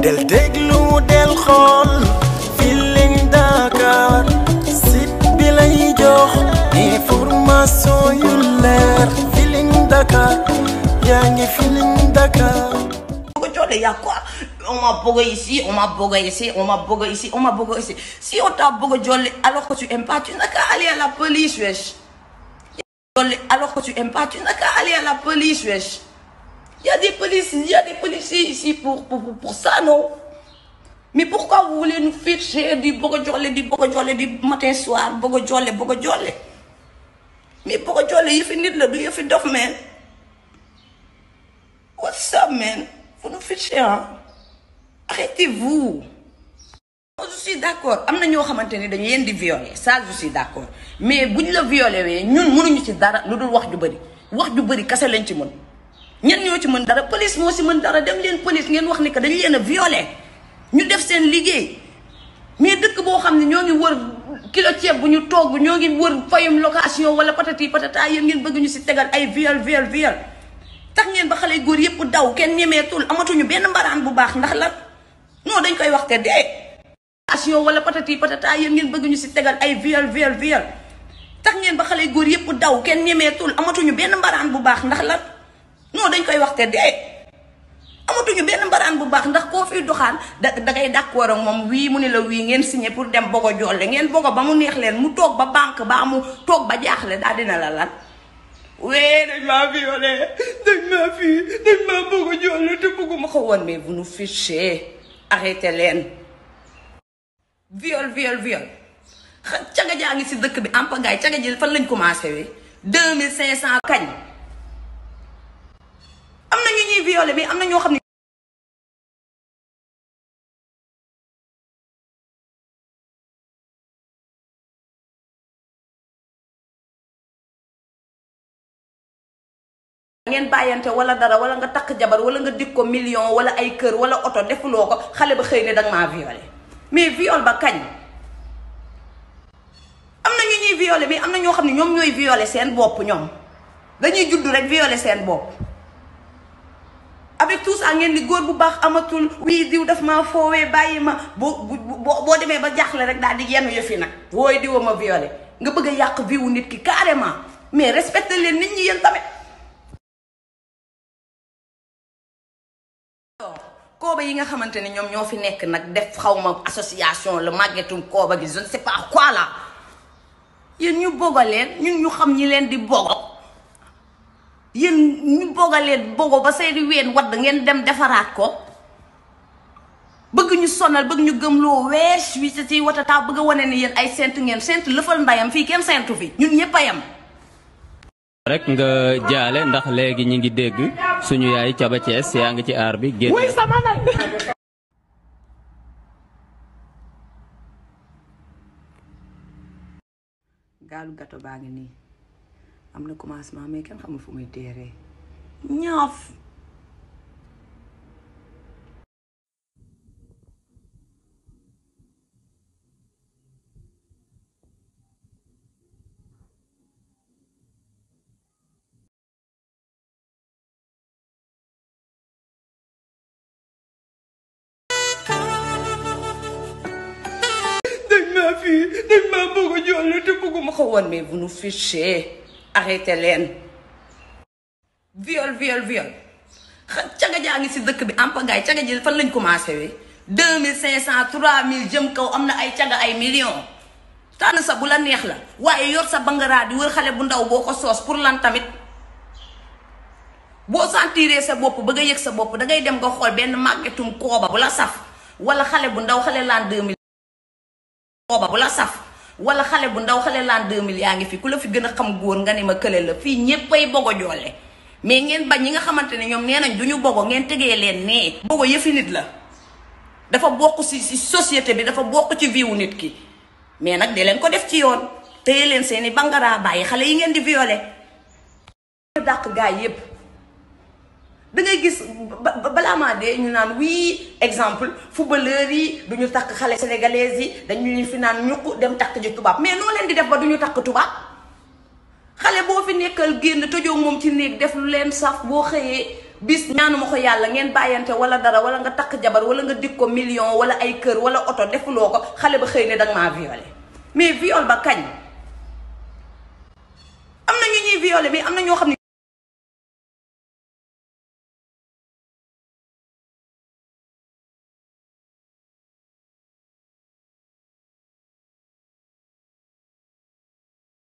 del déglu del xool Feeling Dakar site bi lay jox information yu leer Feeling Dakar yaa ngi Feeling Dakar il y a quoi on m'a bogué ici on m'a bogué ici on m'a bogué ici on m'a bogué ici si on t'a bogué jolé alors que tu aimes pas tu n'as qu'à aller à la police wesh jolé alors que tu aimes pas tu n'as qu'à aller à la police wesh Il y a si policiers, il y a des policiers ici pour, pour, pour, pour ça, non Mais pourquoi vous voulez nous ficher du Bogodjolé, du Bogodjolé, du matin soir, Bogodjolé, Bogodjolé Mais Bogodjolé, il finit le il fait d'off, man. What's up, man Vous nous fichez, hein Arrêtez-vous. je suis d'accord am na ñoo xamante ni dañu leen di violer ça je suis d'accord mais buñ la violer wee ñun mënuñu ci dara lu dul wax ju bëri wax ju bëri kase lañ ci mën. ñen ñoo ci mën dara police moo si mën dara dem leen police ngeen wax ni que dañu leen a violé ñu def seen liggéey mais dëkk boo xam ne ñoo ngi wër kilo ceeb bu ñu togg ñoo ngi wër fayum location wala patati patata yéen ngeen bëgg ñu si tegal ay viol viol viol tax ngeen ba xale góor yépp daw kenn ñemeetul amatuñu benn mbaraan bu baax ndax lan non dañ koy wax te dee location wala patati patata yéen ngeen bëgg si tegal ay viol viol viol tax ngeen ba xale góor yépp daw kenn ñemeetul amatuñu benn mbaraan bu baax ndax la koy wax te dee amatuñu benn mbaraan bu baax ndax koo fiy doxaan da dangay d'accord ak moom wii mu ne la wii ngeen signé pour dem bogo jolle ngeen bogo ba mu neex leen mu toog ba banque ba mu toog ba jaaxle daal dina la lan wee dañ maa violé dañ maa fii dañ maa bogo jolle te bëgguma ko woon mais vous nous fichez arrêté leen viol viol viol caga jaa ngi si dëkk bi am pagaay caga ji fan lañ commencé wi deux mille cinq cent kañ am na ñu ñuy violé mais am na ñoo xam ne. ngeen bàyyante wala dara wala takk jabar wala nga dig ko wala ay kër oto defuloo ko xale ba xëy ne danga maa violé am na ñu ñuy am na ñoo xam ne ñoom ñooy violé seen bopp ñoom dañuy judd rek violé seen bopp. avec tout ça ngeen di góor bu baax amatul wii diw daf ma foowee bàyyi ma boo boo demee ba jaaxle rek daal di yenn yëf yi nag wooy diwa ma violé nga bëgg a yàq viwu nit ki carrément mais respecté leen nit ñi yéen tamit kooba yi nga xamante ne ñoom ñoo fi nekk nag def xaw ma association la màggetum kooba gi je ne sais pas quoi là yéen ñu boga leen ñun ñu xam ñi leen di bogo yéen ñu bogaleen bogo ba seeni ween da ngeen dem defaraat ko bëgg ñu sonal bëgg ñu gëmloo wees wi ci ci wata bëgg a wane ni yéen ay sent ngeen seent lëfal ndayam fii kenn sentu fi ñun ñëpp a nga jaale ndax léegi ñi ngi dégg suñu yaay Thiaba Thiès yaa ngi ci aar bi génn nii am na commencement mais kenn xamul fu muy teeree ñaaf dañ maa fii dañ maa te bëgguma ko woon mais vous arrêté leen viol viol viol caga jaa ngi ci dëkk bi am pagaay caga ji fan lañ commencé wi deux mille cinq cent trois mille jëm kaw am na ay caga ay million tànn sa bu la neex la waaye yor sa bangaraa di wër xale bu ndaw boo ko soos pour lan tamit boo sentiree sa bopp ba nga yëg sa bopp dangay dem nga xool benn màggetum kooba bu la saf wala xale bu ndaw xale laan deux mille kooba bu la saf wala xale bu ndaw xale laan 2000 yaa ngi fi ku la fi gën a xam góor nga ne ma kële la fii ñéppay bogo joole mais ngeen bañ ñi nga xamante ne ñoom nee nañ du ñu bogo ngeen tegee leen nee bogo yëfi nit la dafa bokk ci ci société bi dafa bokk ci viwu nit ki mais nag di leen ko def ci yoon téye leen seeni bangaraa bàyyi xale yi ngeen di violé dàq gaay yépp da ngay gis balaa ma de ñu naan wii exemple footballeur yi du ñu takk xale sénégalaises yi dañuy fi naan ñu ko dem takk ji tubaab mais noo leen di def ba du ñu takk tubaab xale boo fi nekkal génn tëjoo moom ci néeg def lu leen saf boo xëyee bis ñaanuma ko yàlla ngeen bàyyante wala dara wala nga takk jabar wala nga dig ko million wala ay kër wala oto defuloo ko xale ba xëy ne danga maa violé mais viol ba kañ am na ñu ñuy violé mais am na ñoo xam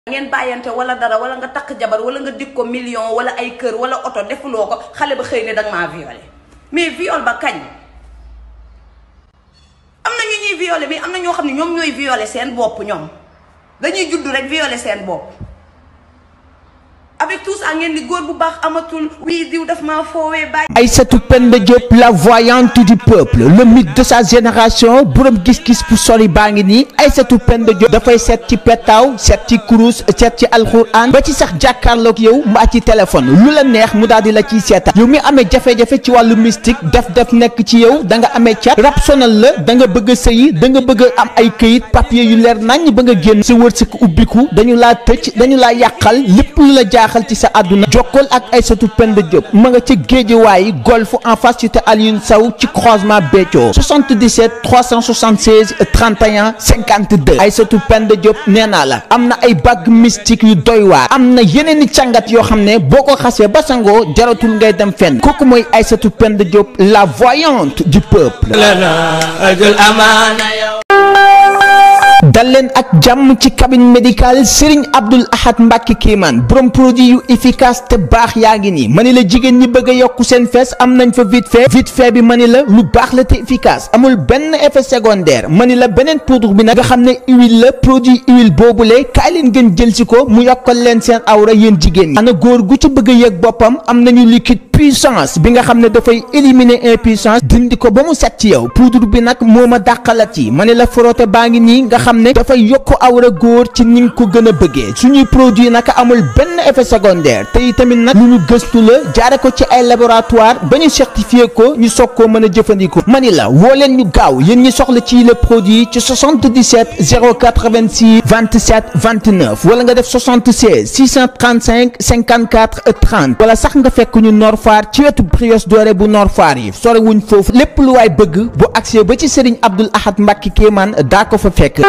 ngeen bàyyante wala dara wala nga takk jabar wala nga dig ko million wala ay kër wala oto defuloo ko xale ba xëy ne danga maa violé mais viol ba kañ am na ñu ñuy violé mais am na ñoo xam ne ñoom ñooy violé seen bopp ñoom dañuy juddu rek violé seen bopp avec tous à ngeen bu baax amatul wii diw daf maa foowee bàyyi. Aïssatou Penda Diop la voyante du peuple le mythe de sa génération borom gis-gis bu sori baa ngi nii Aïssatou Penda Diop dafay seet ci pettaaw seet ci kurus set ci alxuraan ba ci sax jàkkaarloog yow mbaa ci téléphone lu la neex mu daal di la ciy seetal yow mi amee jafe-jafe ci wàllu mystique def def nekk ci yow da nga amee cat rab sonal la da nga bëgg a sëyi da nga bëgg am ay këyit papier yu leer naññ ba nga génn sa wërsëg ubbiku dañu laa tëj dañu laa yàqal lépp lu la jaaxal ci sa àdduna jokkool ak Aysatu Penda Diop ma nga ca Géejawaay golf en face cité Alioune Sow ci croisement Béthio 77 376 31 52 Aysatu Penda Diop nee naa la am na ay bague mystique yu doy waar am na yeneen i càngat yoo xam ne boo ko xasee ba sangoo jaratul ngay dem fenn kooku mooy Aysatu Penda Diop la voyante du peuple dal leen ak jàmm ci cabine médicale Serigne Abdoul Ahad Mbacke Kéemaan borom produit yu efficace te baax yaa ngi nii mani la jigéen ñi bëgg a yokk seen fees am nañ fa vite fait vite fait bi mani la lu baax la te efficace amul benn effet secondaire mani la beneen poudre bi nag nga xam ne huile la produit huile boobule kaay leen gën jël si ko mu yokkal leen seen awra yéen jigéen ñi ana góor gu ci bëgg a yëg boppam am nañu liquide puissance bi nga xam ne dafay éliminer impuissance dindi ko ba mu set ci yow poudre bi nag moo ma dàqalat yi ma ne la frotté baa ngi nii nga xam ne dafay yokk awra góor ci ni nga ko gën a bëggee suñuy produit nag amul benn effet secondaire te itamit nag lu ñu gëstu la jaare ko ci ay laboratoire ba ñu certifié ko ñu soog koo mën a jëfandikoo ma ne la woo leen ñu gaaw yéen ñi soxla ci le produit ci 77 086 27 29 wala nga def 76 635 54 30 wala sax nga fekk ñu nor Faar ci wetu Brioche Dorée bu Nord Foire yi sorewuñ wuñ foofu lépp lu waaye bëgg bu accès ba ci Serigne Abdoul Ahad Mbacke Kéemaan daa ko fa fekk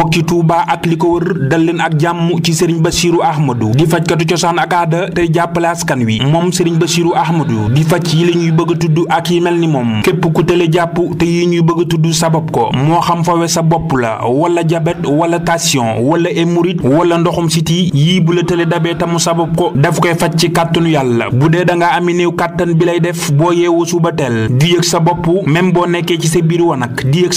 mbokki Touba ak li ko wër dal leen ak jàmm ci Serigne Bassirou Ahmadou di fajkatu cosaan ak aada tey jàppale askan wi moom Serigne Bassirou Ahmadou di faj yi la ñuy bëgg a tudd ak yi mel ni moom képp ku tële jàpp te yi ñuy bëgg a tudd sabab ko moo xam fawe sa bopp la wala jabet wala tension wala émurit wala ndoxum siti yii bu la tële dabee tamu sabab ko daf koy faj ci kàttanu yàlla bu dee da ngaa néew kàttan bi lay def boo yeewu suba teel di yëg sa bopp même boo nekkee ci sa biir wanag di yëg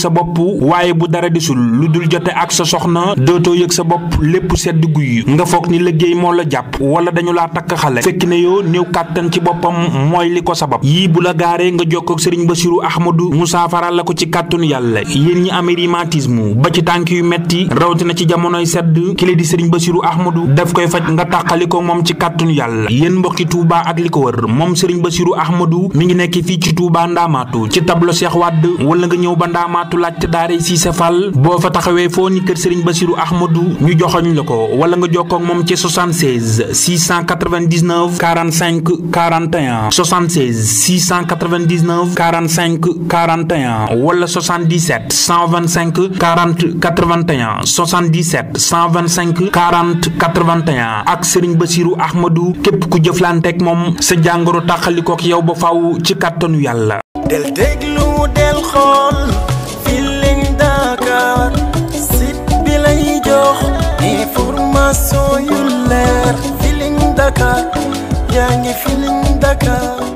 sa soxna dootoo yëg sa bopp lépp sedd guy nga foog ni liggéey moo la jàpp wala dañu laa takk xale fekk ne yoo néew kàttan ci boppam mooy li ko sabab yii bu la gaaree nga jox ko sëriñ Basiru Ahmadu mu saafara la ko ci kàttanu yàlla yéen ñi amee rhumatisme ba ci tànk yu metti rawatina ci jamonoy sedd kile di sëriñ Basiru Ahmadu daf koy faj nga tàqali ko moom ci kàttanu yàlla yéen mbokki Touba ak li ko wër moom sëriñ Basiru Ahmadu mi ngi nekk fii ci Touba Ndaamaatu ci tablo Cheikh Wade wala nga ñëw ba Ndaamaatu laajte daare biir kër Serigne Bassirou Ahmadou ñu joxoñ la ko wala nga jokkook moom ci 76 699 45 41 76 699 45 41 wala 77 125 40 81 77 125 40 81 ak Serigne Bassirou Ahmadou képp ku jëflanteeg moom sa jàngoro tàqalikook yow ba faw ci kàttanu yàlla. del déglu del xool. information yu leer Feeling Dakar yaa ngi Feeling Dakar